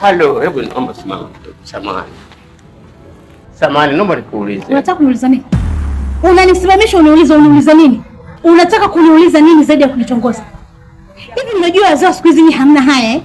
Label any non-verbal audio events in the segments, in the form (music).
Halo, hebu naomba simama. Samahani. Samahani, naomba nikuulize. Unataka kuniuliza nini? Unanisimamisha uniulize, uniuliza nini? Unataka kuniuliza nini zaidi ya kunitongoza? Hivi unajua wazao siku hizi ni hamna haya eh?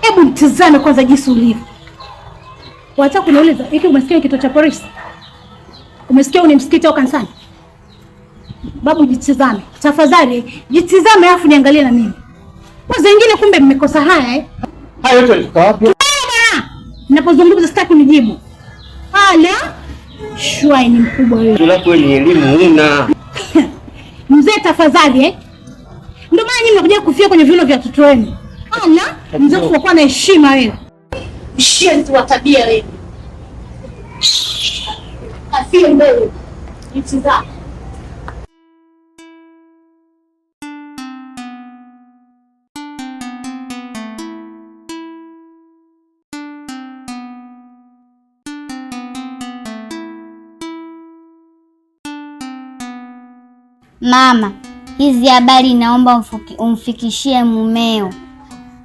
Hebu mtizame kwanza jinsi ulivyo. Unataka kuniuliza hiki umesikia kituo cha polisi? Umesikia uni msikiti au kanisani? Babu jitizame. Tafadhali jitizame afu niangalie na mimi. Kwa zingine kumbe mmekosa haya eh? Hayo yote yalitoka wapi? Ninapozungumza sitaki nijibu. Hala. Shwai ni mkubwa wewe. Tunapo ni elimu una. (laughs) Mzee tafadhali eh. Ndio maana nyinyi mnakuja kufia kwenye viuno vya watoto wenu. Hala, mzee kwa na heshima wewe. Shenzi wa tabia wewe. Asiye mbele. Nchi Mama, hizi habari naomba umfikishie mumeo.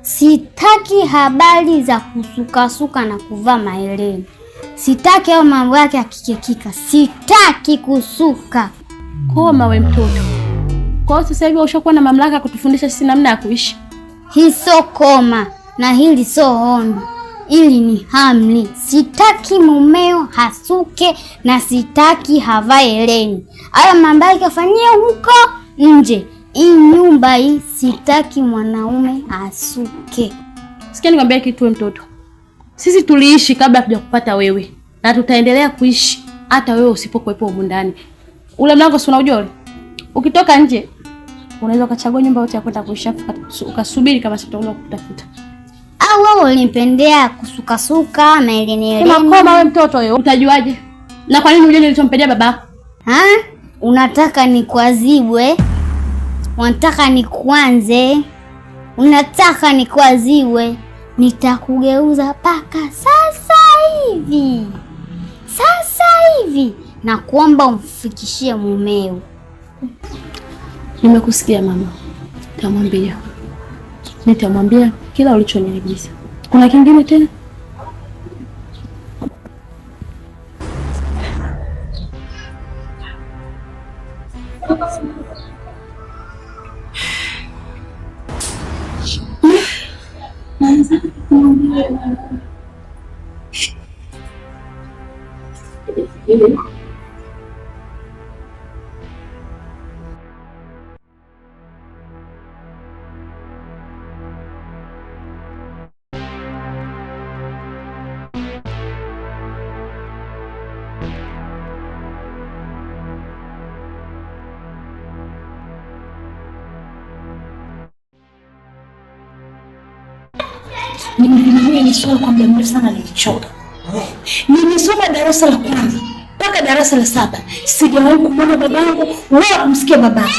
Sitaki habari za kusukasuka na kuvaa maeleni. Sitaki hayo mambo yake akikekika, sitaki kusuka koma. We mtoto, kwa hiyo sasa hivi ushakuwa na mamlaka ya kutufundisha sisi namna ya kuishi. Hii sio koma na hili sio ombi ili ni hamli. Sitaki mumeo hasuke na sitaki havae leni, hayo mambo yake kafanyia huko nje. Hii nyumba hii sitaki mwanaume hasuke. Sikia nikwambia kitu, mtoto, sisi tuliishi kabla hatuja kupata wewe na tutaendelea kuishi hata wewe usipokuwepo humu ndani. Ule mlango si unaujua ule, ukitoka nje unaweza ukachagua nyumba yote ya kwenda kuishi, ukasubiri kama sitaona kutafuta au wewe ulimpendea kusukasuka maeleni koma? Wewe mtoto huyo utajuaje? Na kwa nini ujue nilichompendea baba? Ha? Unataka nikuadhibwe? Eh? Unataka nikuanze? Unataka nikuadhibwe? Nitakugeuza paka sasa hivi, sasa hivi, na kuomba umfikishie mumeo. Nimekusikia mama, tamwambia, nitamwambia kila ulichoniagisa. Kuna kingine tena? nimesimamia hili swala kwa muda mrefu sana, nilichoka. Eh. Nimesoma darasa la kwanza mpaka darasa la saba, sijawahi kumwona babangu wala kumsikia babangu.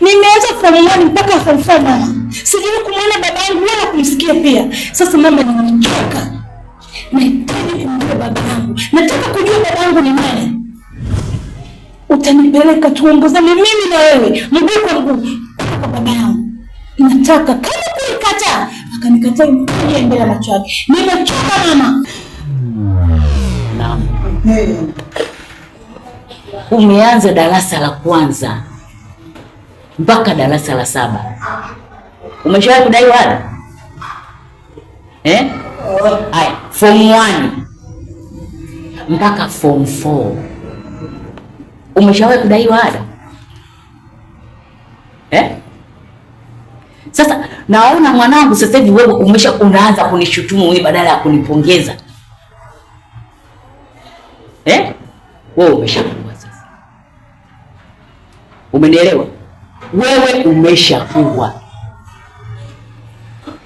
Nimeanza form one mpaka form four, mama, sijawahi kumwona babangu wala kumsikia pia. Sasa mama, nimechoka, nahitaji kumjua babangu, nataka kujua babangu ni nani. Utanipeleka tuongozane mimi na wewe mguu kwa mguu kwa babangu, nataka kama kuikataa akanikataa mbele ya macho yake. Nimechoka mama. Umeanza darasa la kwanza mpaka darasa la saba umeshawahi kudai wada eh? Aya, form 1 mpaka form 4 umeshawahi kudai wada eh? Sasa naona mwanangu, sasa hivi wewe umesha unaanza kunishutumu wewe badala ya kunipongeza eh? Wewe umeshafungwa sasa, umenielewa? Wewe umeshafungwa,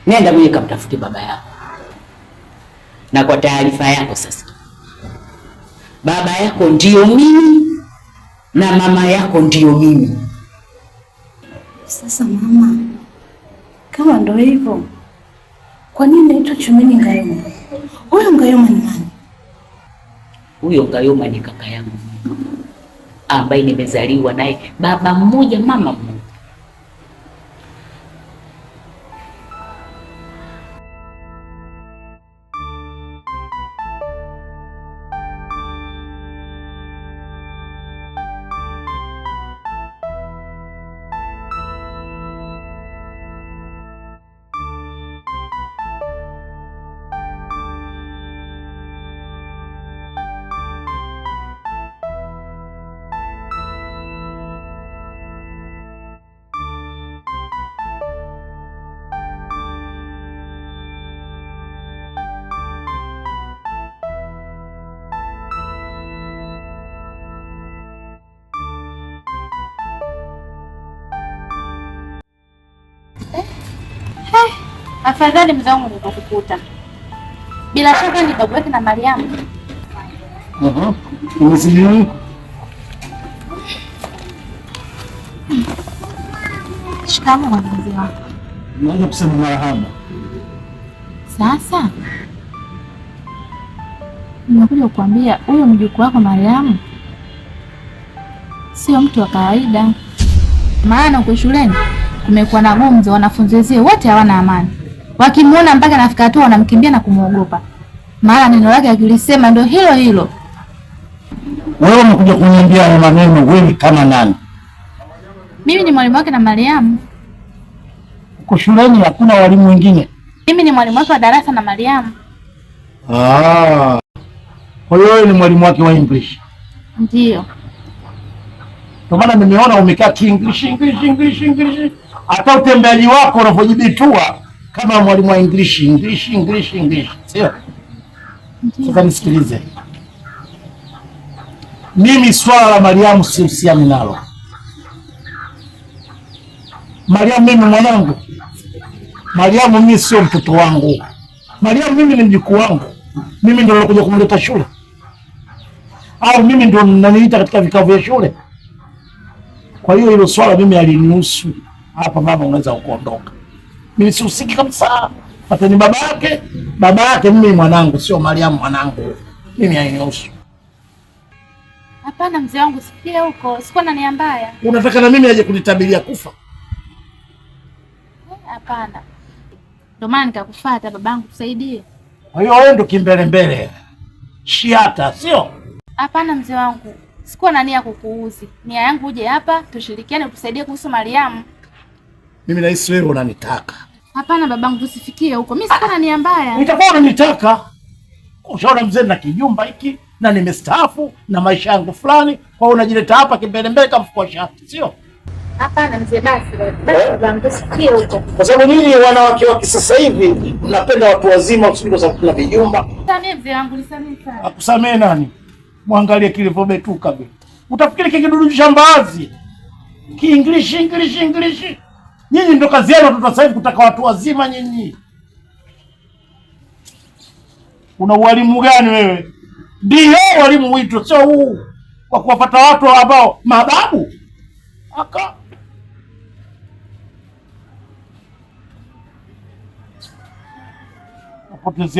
nenda mwenye kamtafute baba yako. Na kwa taarifa yako sasa, baba yako ndiyo mimi na mama yako ndiyo mimi. Sasa mama kama ndo hivyo, kwa nini naitwa Chumini Ngayoma? Huyo Ngayoma ni nani? Huyo Ngayoma ni kaka yangu ambaye nimezaliwa naye, baba mmoja mama mmoja. Afadhali mzee wangu nikakukuta. Bila shaka ni babu yake na Mariamu. Mhm. Umezidi. Shikamoo mzee wangu. Naweza kusema marahaba. Sasa nimekuja kukwambia huyo mjukuu wako Mariamu sio mtu wa kawaida, maana uko shuleni kumekuwa na gumzo, wanafunzi wote hawana amani. Wakimuona mpaka anafika hatua wanamkimbia na kumwogopa, maana neno lake akilisema ndio hilo hilo. Wewe umekuja kuniambia haya maneno, wewe kama nani? Mimi ni mwalimu wake na Mariamu. Uko shuleni hakuna walimu wengine? Mimi ni mwalimu wake wa darasa na Mariamu. Ah. Kwa hiyo wewe ni mwalimu wake wa English? Ndio. Kwa maana nimeona umekaa ki English English English English. Hata utembeaji wako unavyojibitua kama mwalimu wa English, English, English, English. Sio? Sasa nisikilize. Mimi swala la Mariamu sihusiani nalo. Mariamu mimi mwanangu. Mariamu mimi sio mtoto wangu. Mariamu mimi ni mjukuu wangu. Mimi ndio nilikuja kumleta shule, au mimi ndio naniita katika vikao vya shule. Kwa hiyo hilo swala mimi alinihusu. Hapa mama, unaweza kuondoka mimi usiki kabisa. Pateni baba yake, baba yake, mimi mwanangu, sio Mariamu mwanangu, mimi hainihusu. Hapana mzee wangu, sikia huko, sikuwa na nia mbaya. Unataka na mimi aje kunitabiria kufa? Eh, hapana, ndio maana nikakufuata babangu, tusaidie. Kwa hiyo wewe ndio kimbelembele shiata, sio? Hapana mzee wangu, sikuwa na nia kukuuzi. Nia yangu uje hapa tushirikiane, utusaidie kuhusu Mariamu. Mimi nahisi wewe unanitaka. Hapana babangu, usifikie huko. Mimi sikana ni mbaya. Nitakuwa unanitaka. Ushaona mzee na kijumba hiki na nimestaafu na maisha yangu fulani, kwa hiyo unajileta hapa kimbele mbele kama mfukwa shati, sio? Hapana mzee, basi eh? basi babangu, usifikie huko. Kwa sababu nyinyi wanawake wa kisasa hivi mnapenda watu wazima, usiku za kuna vijumba. Samee mzee wangu, nisamee sana. Akusamee nani? Mwangalie kilivyobetuka be. Utafikiri kikidudu cha Ki English English English. Nyinyi ndio kazi yenu watoto sasa hivi kutaka watu wazima nyinyi. Una ualimu gani wewe? Ndio walimu wito sio huu kwa kuwapata watu ambao mababu aka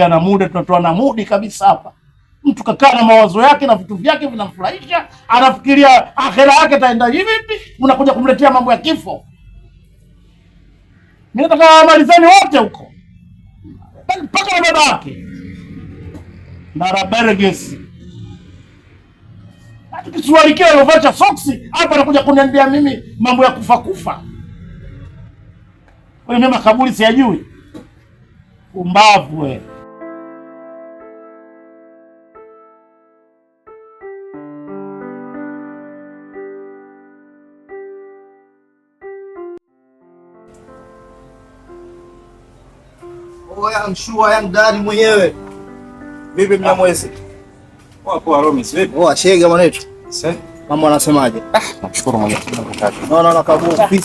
na muda, tunatoa na mudi kabisa hapa. Mtu kakaa na mawazo yake na vitu vyake vinamfurahisha, anafikiria akhera yake ataenda hivi vipi, mnakuja kumletea mambo ya kifo. Nataka wamalizane wote huko mpaka baba yake naraberegesi tukisualikia aliovacha soksi hapa anakuja kuniambia mimi mambo ya kufa kufa. Wewe mimi makaburi siyajui, umbavu wewe. mwenyewe. Vipi Mnyamwezi? Poa poa oh, Poa shega mwanetu. mambo anasemaje? Ah, nashukuru Mwenyezi Mungu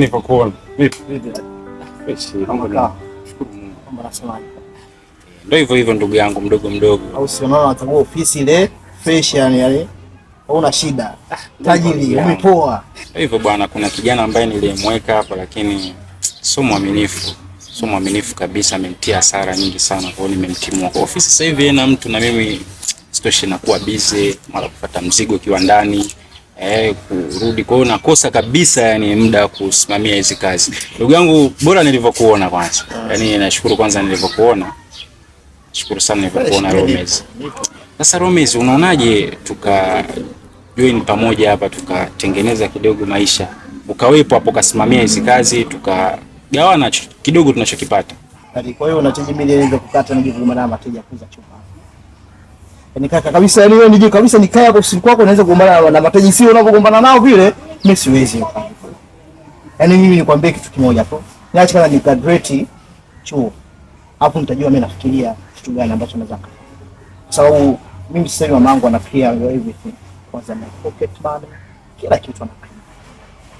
niko kuona. Vipi? Ndio hivyo hivyo ndugu yangu mdogo mdogo. Au ofisi ile fresh yani yale. Hauna shida. Ah, Tajiri, umepoa. Hivyo bwana, kuna kijana ambaye nilimweka hapa lakini sio mwaminifu so mwaminifu kabisa, amemtia hasara nyingi sana, kwa hiyo nimemtimua kwa ofisi. Sasa hivi na mtu na mimi situation nakuwa busy, mara kupata mzigo kiwa ndani eh, kurudi. Kwa hiyo nakosa kabisa yani muda wa kusimamia hizi kazi. Ndugu yangu, bora nilivyokuona kwanza, yani nashukuru kwanza nilivyokuona, shukuru sana nilivyokuona Romez. Sasa Romez, unaonaje tuka join pamoja hapa tukatengeneza kidogo maisha, ukawepo hapo kasimamia hizi kazi tuka gawa nacho kidogo tunachokipata. Kwa hiyo unategemea ile inaweza kukata na jivu mara ama teja kuuza chupa. Yaani kaka kabisa, yani wewe nijue kabisa ni kaya kwa ofisi kwako unaweza kugombana na mateja, sio unapogombana nao vile, mimi siwezi. Yaani mimi nikwambie kitu kimoja tu. Niache kama ni graduate chuo. Hapo nitajua mimi nafikiria kitu gani ambacho naweza kufanya. Kwa sababu mimi sasa hivi mamangu anafikiria everything. Kwanza na pocket money, kila kitu anafikiria.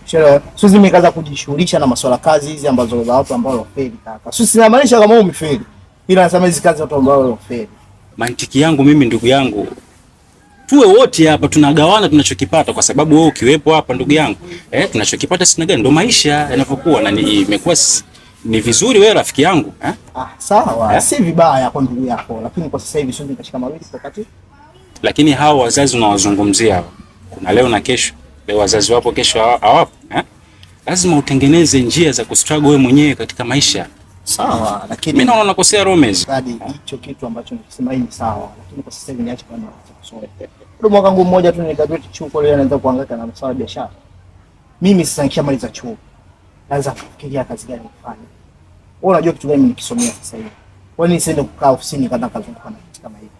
Sio, sisi nimekaza kujishughulisha na masuala kazi hizi ambazo za watu ambao wamefeli kaka. Sisi namaanisha kama umefeli. Ila nasema hizi kazi watu ambao wamefeli. Mantiki yangu mimi, ndugu yangu, tuwe wote hapa tunagawana tunachokipata, kwa sababu wewe ukiwepo hapa ndugu yangu eh, tunachokipata sina gani, ndo maisha yanavyokuwa, na imekuwa ni vizuri wewe rafiki yangu eh? Ah, sawa eh? Si vibaya kwa ndugu yako, lakini kwa sasa hivi sio katika mawili wakati. Lakini hao wazazi unawazungumzia, kuna leo na kesho wazazi wapo kesho hawapo eh? Lazima utengeneze njia za kustruggle wewe mwenyewe katika maisha. Sawa, lakini mimi naona nakosea Romez. Hadi Hicho kitu ambacho nikisema hii ni sawa, lakini kwa sasa hivi niache kwa nini kusoma. Ndio mwaka wangu mmoja tu ni graduate chuo kwa leo naanza kuhangaika na masuala ya biashara. Mimi sasa nikishamaliza chuo naanza kufikiria kazi gani nifanye. Wewe unajua kitu gani nikisomea sasa hivi? Kwa nini siende kukaa ofisini kadhaa kazunguka na kitu kama hivi?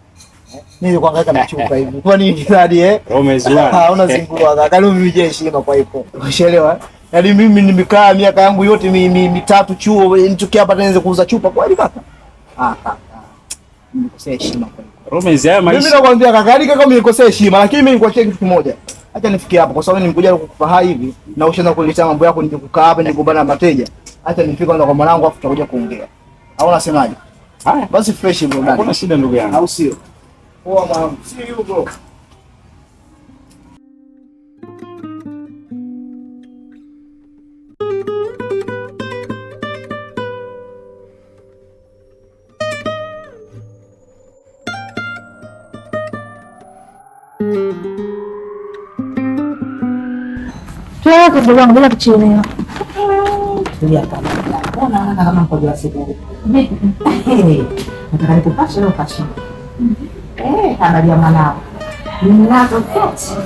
Mimi kuangaika na chupa hivi. Kwa nini hadi eh? Umeziwana. Ah, Unazingua kaka. Leo mimi heshima kwa ipo. Umeelewa? Yaani mimi nimekaa miaka yangu yote mimi mitatu chuo nitukia hapa nianze kuuza chupa kweli kaka. Ah kaka. Nimekosea heshima kwa ipo. Romezi maisha. Mimi nakwambia kaka, hadi yaani kaka nimekosea heshima lakini mimi nikuachia kitu kimoja. Acha nifikie hapo kwa sababu nimekuja kukufaha hivi na ushaanza kuleta mambo yako nje kukaa hapa nikumbana na mateja. Acha nifike kwa mwanangu afu tutakuja kuongea. Au unasemaje? Haya, basi fresh bro. Hakuna shida ndugu yangu. Au sio? or um, see you go. Kaya ako bilang bilang kecil na yun. Kelihatan. Oh, nakakakaman ko bilang siguro. Hindi. Nakakalipo pa siya o pa siya. Mm-hmm. habari ya mwanao ninazo zote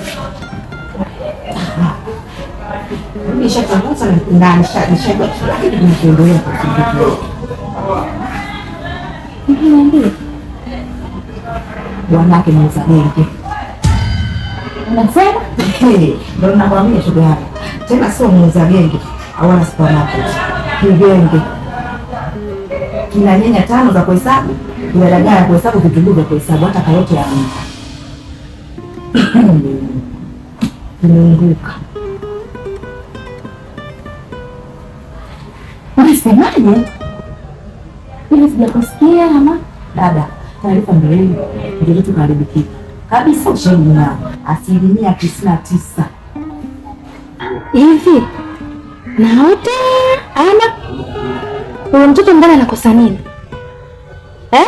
nishachunguza na nishajua bwanake ni mzalendo, unasema ndio? Nakwambia shoga yangu, tena sio muuza genge au supermarket, ni kina nyanya tano za kuhesabu, kina dagaa ya kuhesabu, vitunguu vya kuhesabu, hata karoti ya (clears throat) imeunguka. Unasemaje? Mimi sijakusikia ama dada, taarifa ndio hii, ndio kitu kabisa. Ushahidi asilimia tisini na tisa hivi naota ama huyo mtoto mbona anakosa nini eh?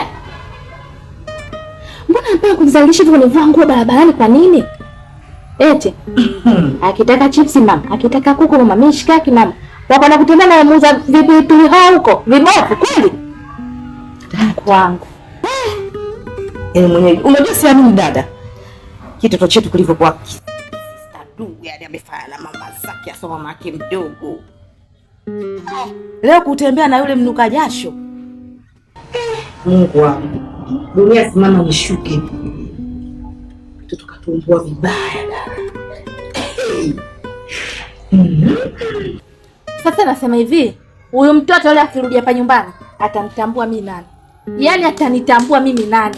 Mbona anapenda kujizalilisha hivyo kunivua nguo barabarani kwa nini? Eti (clears throat) akitaka chipsi mama, akitaka kuku mama, mishikaki mama, wakana kutembea na muuza vipilipili hao huko vibovu kweli kwangu. Yaani eh, mwenyeji, unajua si amini dada, kitoto chetu kilivyokuwa, yaani amefanya na mama zake, hasa mama yake mdogo leo kutembea na yule mnuka jasho. Mungu wangu, dunia simama nishuke, mtoto katumbua vibaya sasa. Nasema hivi, huyu mtoto leo akirudi hapa nyumbani atamtambua mimi nani, yaani atanitambua mimi nani,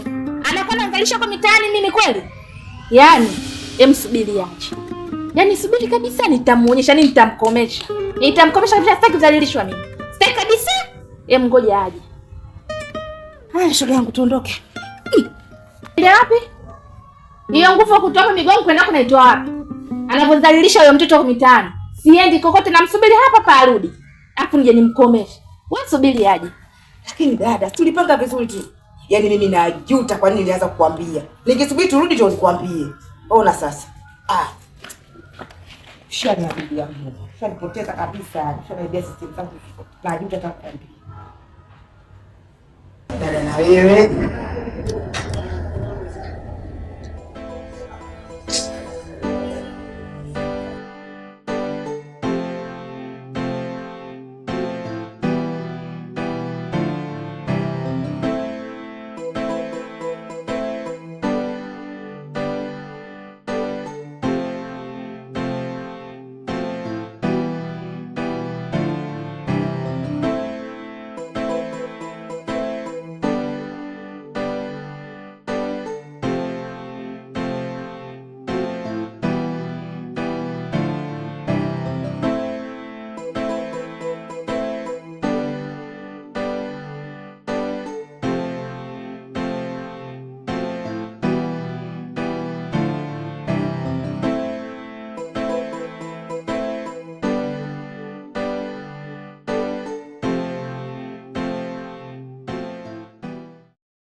anakuwa naangalisha kwa mitaani mimi kweli, yaani aje. Yaani subiri kabisa, nitamuonyesha, yaani nitamkomesha, nitamkomesha kabisa. Sitaki kudhalilishwa mimi, sitaki kabisa. E, mngoja aje. Haya, shoga yangu, tuondoke. Ile hmm. wapi hiyo nguvu kutoka migongo kwenda kunaitoa wapi? Anavyodhalilisha huyo mtoto wa mitaani, siendi kokote, namsubiri hapa pa arudi, afu nije nimkomeshe. Wewe subiri aje. Lakini dada, tulipanga vizuri tu. Yaani mimi najuta kwa nini nilianza kukwambia. Ningesubiri turudi ndio nikwambie. Ona sasa. Ah. Shani na bibi yangu. Shanipoteza kabisa. Shanaibia system zangu. Najuta hata kukwambia. Dada na wewe.